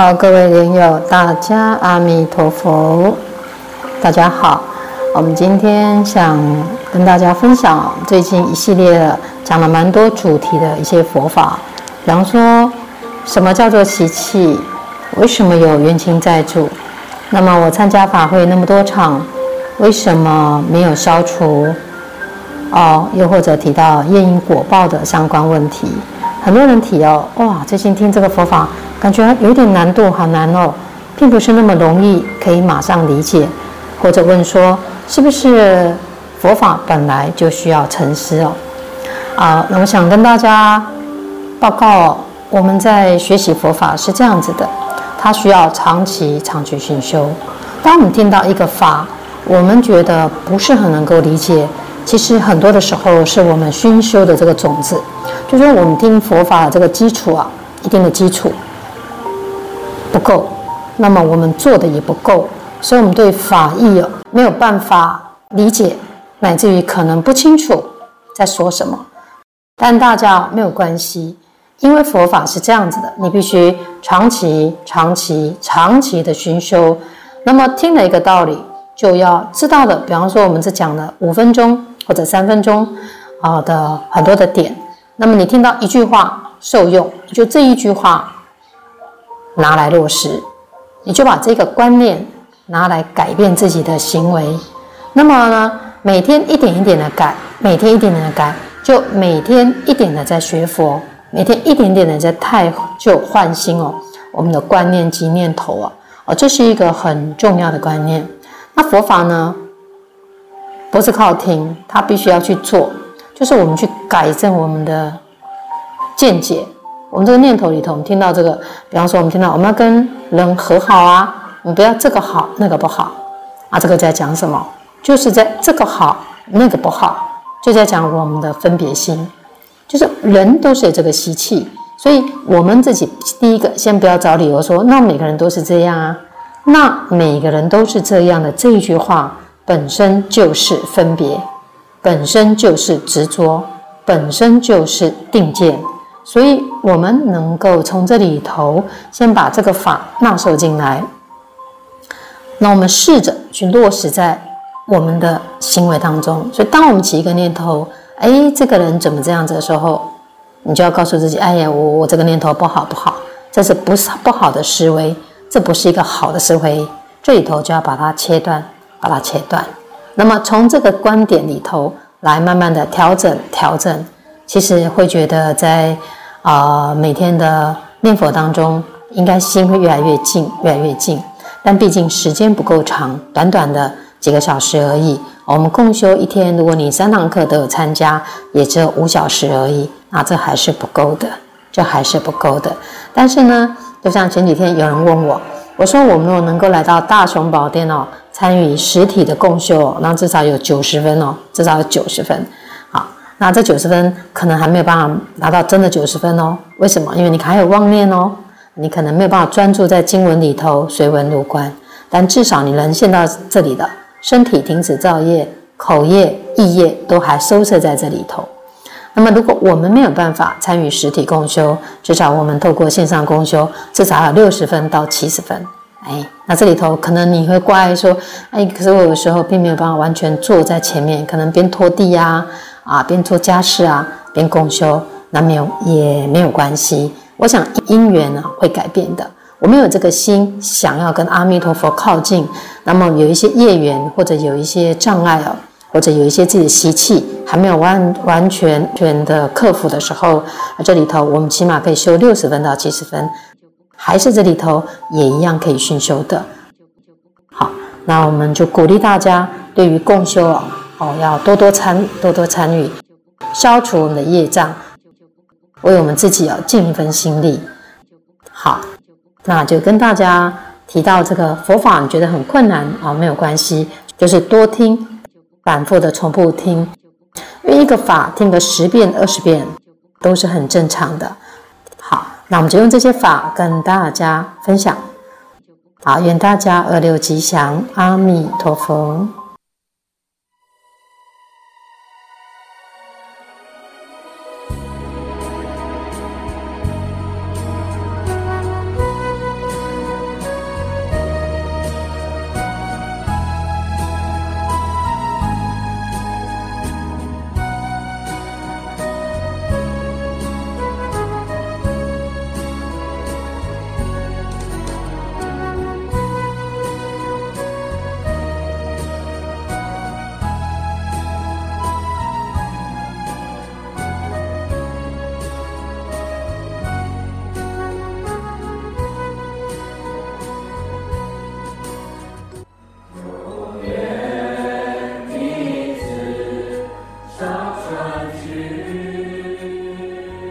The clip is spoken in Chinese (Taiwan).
好，各位蓮友，大家阿彌陀佛，大家好。我們今天想跟大家分享最近一系列的講了蠻多主題的一些佛法，比方說什麼叫做習氣？為什麼有冤親債主？那麼我參加法會那麼多場，為什麼沒有消除？哦，又或者提到業因果報的相關問題。很多人提，哦，哇，最近聽這個佛法，感覺有點難度，好難哦，並不是那麼容易可以馬上理解，或者問說是不是佛法本來就需要沉思哦？啊，那我想跟大家報告，我們在學習佛法是這樣子的，它需要長期、長期薰修。當我們聽到一個法，我們覺得不是很能夠理解，其實很多的時候是我們薰修的這個種子。就說我們聽佛法的這個基礎啊，一定的基礎不夠，那麼我們做的也不夠，所以我們對法義啊，沒有辦法理解，乃至於可能不清楚在說什麼。但大家沒有關係，因為佛法是這樣子的，你必須長期、長期、長期的熏修。那麼聽了一個道理，就要知道的，比方說，我們是講了五分鐘或者三分鐘啊的很多的點。那麼你聽到一句話受用，就這一句話拿來落實，你就把這個觀念拿來改變自己的行為。那麼呢，每天一點一點的改，每天一點點的改，就每天一點的在學佛，每天一點點的在汰舊換新哦。我們的觀念及念頭啊，哦，這是一個很重要的觀念。那佛法呢，不是靠聽，他必須要去做。就是我們去改正我們的見解，我們這個念頭裡頭，我們聽到這個，比方說，我們聽到我們要跟人和好啊，我們不要這個好那個不好啊，這個在講什麼？就是在這個好那個不好，就在講我們的分別心。就是人都是有這個習氣，所以我們自己第一個先不要找理由說，那每個人都是這樣啊，那每個人都是這樣的這一句話本身就是分別。本身就是執着，本身就是定見，所以我們能夠從這裡頭先把這個法納受進來。那我們試着去落實在我們的行為當中。所以，當我們起一個念頭，哎，這個人怎麼這樣子的時候，你就要告訴自己，哎呀，我我這個念頭不好不好，這是不是不好的思維？這不是一個好的思維，這裡頭就要把它切斷，把它切斷。那麼從這個觀點裡頭來慢慢的調整調整，其實會覺得在，啊、呃、每天的念佛當中，應該心會越來越靜越來越靜。但畢竟時間不夠長，短短的幾個小時而已。我們共修一天，如果你三堂課都有參加，也只有五小時而已。那這還是不夠的，這還是不夠的。但是呢，就像前幾天有人問我，我說我沒有能夠來到大雄寶殿哦。參與實體的共修，那至少有九十分哦，至少有九十分。好，那這九十分可能還沒有辦法拿到真的九十分哦。為什麼？因為你還有妄念哦，你可能沒有辦法專注在經文裡頭，隨文入觀。但至少你能現到這裡的身體停止造業，口業、意業都還收攝在這裡頭。那麼，如果我們沒有辦法參與實體共修，至少我們透過線上共修，至少有六十分到七十分。哎，那這裡頭可能你會怪說，哎，可是我有時候並沒有辦法完全坐在前面，可能邊拖地呀、啊，啊，邊做家事啊，邊共修，那沒有也沒有關係。我想因緣呢、啊、會改變的，我們有這個心想要跟阿彌陀佛靠近，那麼有一些業緣或者有一些障礙哦、啊，或者有一些自己的習氣還沒有完完全全的克服的時候，那這裡頭我們起碼可以修六十分到七十分。還是這裡頭也一樣可以熏修的。好，那我們就鼓勵大家，對於共修哦，要多多參多多參與，消除我們的業障，為我們自己要、啊、盡一份心力。好，那就跟大家提到這個佛法，你覺得很困難啊、哦？沒有關係，就是多聽，反復的重複聽，因為一個法聽個十遍二十遍都是很正常的。那我們就用這些法跟大家分享，好，願大家二六吉祥，阿彌陀佛。